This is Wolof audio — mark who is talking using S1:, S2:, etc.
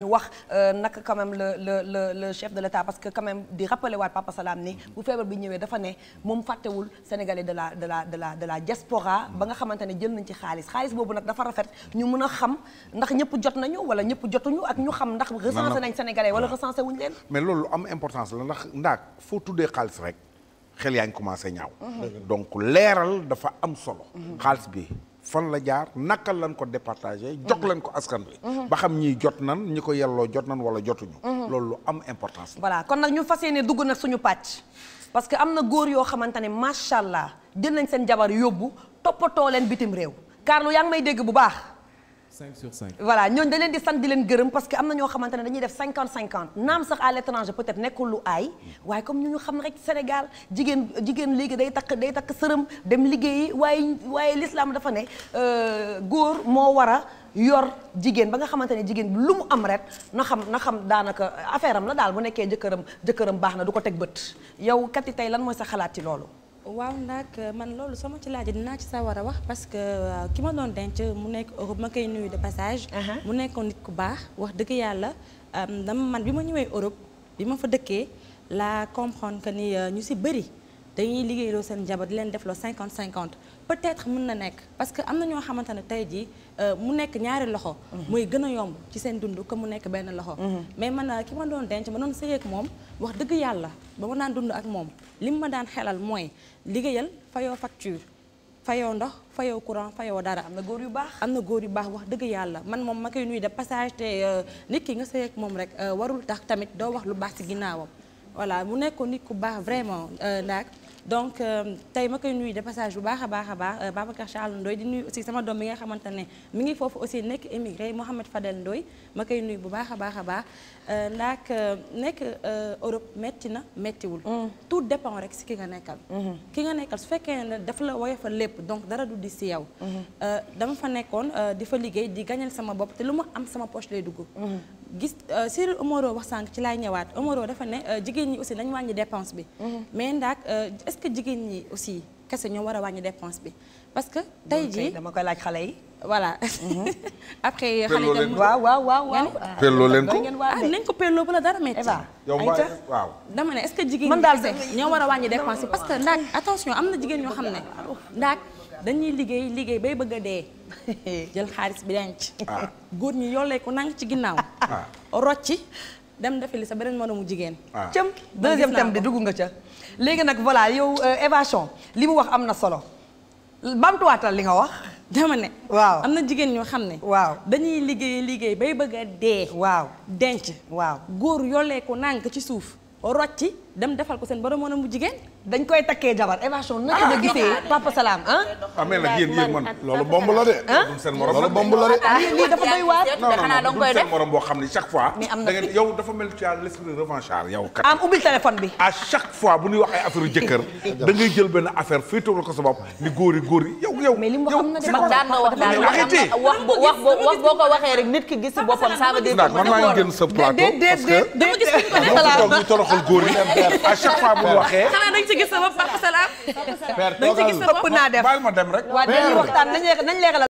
S1: ñu wax euh, naka quand même le le le le chef de l'État parce que quand même di rappeler waat Papa Salam ni bu feebar bi ñëwee dafa ne moom fàttewul sénégalais de la de la de la de la diaspora ba nga xamante ne jël nañ ci xaalis xaalis boobu nag dafa rafet ñu mën a xam ndax ñëpp jot nañu wala ñëpp jotuñu ak ñu xam ndax recensé nañ sénégalais wala recensé wuñ leen
S2: mais loolu am importance la ndax ndaak foo tuddee xaalis rek xel yaa ngi commencé ñaaw mhm. donc leeral dafa am solo mhm. xaalis bi fan la jaar naka lan ko départagé. Mhm. jox lan ko askan bi mhm. ba xam ñii jot nan ñi ko yelloo jot nan wala jotuñu. Mhm. loolu lu am importance
S1: la. kon nag ñu fas yéene dugg nag suñu pàcc. parce que am na góor yoo xamante ne macha allah jël nañ seen jabar yóbbu toppatoo leen bitim réew. Carlou yaa ngi may dégg bu baax.
S3: 5 sur 5.
S1: voilà ñooñu dañ leen di san di leen gërëm parce que am na ñoo xamante ne dañuy def 50 50 naam sax à l'étranger peut-être nekkul lu aay waaye comme ñu ñu xam rek Sénégal jigéen jigéen léegi day takk day takk sërëm dem liggéey waaye waaye lislaam dafa ne euh, góor moo war a yor jigéen ba nga xamante ne jigéen bi lu mu am rek na xam na xam daanaka affaire am la daal bu nekkee jëkkëram jëkkëram baax na du ko teg bët yow kat yi tey lan mooy sa xalaat ci loolu.
S3: waaw nag euh, man loolu sama ci laaj dinaa ci sa war a wax parce que euh, ki ma doon denc mu nekk Europe ma koy nuyu de passage. mu nekkoon nit ku baax wax dëgg yàlla euh, dama man bi ma ñëwee Europe bi ma fa dëkkee laa comprendre que ni ñu si bëri. dañuy liggéeyloo seen njaboot di leen la cinquante cinquante peut-être mun na nekk parce que am na ñoo xamante ne tey jii euh, mu nekk ñaari loxo. mooy mhm. gën a yomb ci seen dund ko mu nekk benn loxo. Mhm. mais man euh, ki ma doon denc ma noon sëy ak moom wax dëgg yàlla ba ma daan dund ak moom li mu ma daan xelal mooy liggéeyal fayoo facture. fayoo ndox fayoo courant fayoo dara. am na góor yu baax am na góor yu baax wax dëgg yàlla man moom ma koy nuyu de passage te euh, nit ki nga sëy moom rek warul tax tamit doo wax lu baax ci ginnaawam voilà baax vraiment ndaak donc euh, tey ma koy nuy depassage bu baax a baax a baax euh, Babacar Charles Ndoye di nuyu aussi sama doom bi nga xamante ne mi ngi foofu aussi nekk émigré Mohamed Fadel ndooy ma koy nuyu bu baax a baax a baax euh, ndaak nekk Europe metti na mettiwul mm. tout dépend rek si ki nga nekkal mm-hmm. ki nga nekkal su fekkee ne dafa la woye fa lépp donc dara du di si yow mm-hmm. dama fa nekkoon di fa liggéey di gañal sama bopp te lu ma am sama poche lay dugg mm-hmm. gis Cyril euh, Omoro wax sànq ci laay ñëwaat Omoro dafa ne euh, jigéen ñi aussi nañ wàññi dépense bi. Mhm. mais ndax euh, est-ce que jigéen ñi aussi kese ñoo war a wàññi dépense bi parce que. tey ji dama koy laaj xale yi. voilà mhm. après. xale yi waaw waaw waaw waaw. Ah, pelloo leen ko ah, nañ ko pelloo bu la dara metti.
S1: yow waaw
S3: dama ne est-ce jigéen ñi kese ñoo war a wàññi dépense bi parce que ndax attention am na jigéen ñoo xam ne ndax. dañuy liggéey liggéey bay bëgg a dee jël xaalis bi denc ah. góor ñi yolleeku ko ci ginnaaw ah.
S1: rocci dem defi li sa beneen moromu jigéen ah. cëm deuxième thème nga ca léegi nag voilà yow euh, évasion li mu wax am na solo bamtuwaatal li nga wax dama waaw am na jigéen ñoo xam ne waaw dañuy liggéey liggéey bay bëgg a waaw
S3: denc waaw góor yollee nànk ci suuf rocci dem defal ko seen borom moromu
S1: jigéen dañ koy takkee jabar évasion naka nga ah, gisee ah, papa salaam ah. amee nag yéen yéen man ah?
S2: loolu bomb la de. seen morom loolu bomb la de. lii dafa doy waar. non non non seen morom boo xam ne chaque fois. mais am na fi yow dafa mel ci yàlla l'esprit revanchard yow kat. am ubbil téléphone bi. à chaque fois bu ñuy wax ay affaire jëkkër. da ngay jël benn affaire féetewul la ko sa bopp ni góor yi góor yi yow
S1: yow. mais li mu xam ne de man daan na wax daal wax boo wax boo ko waxee rek nit ki gis si boppam ça veut dire. ndax man maa ngi
S2: génn sa plateau parce que dama gis ko toroxal góor yi à chaque fois bu waxee
S3: ci gis sama papa salaam.
S2: père toogal ëpp naa def baal ma dem rek. waaw dañuy waxtaan nañ leeral